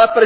la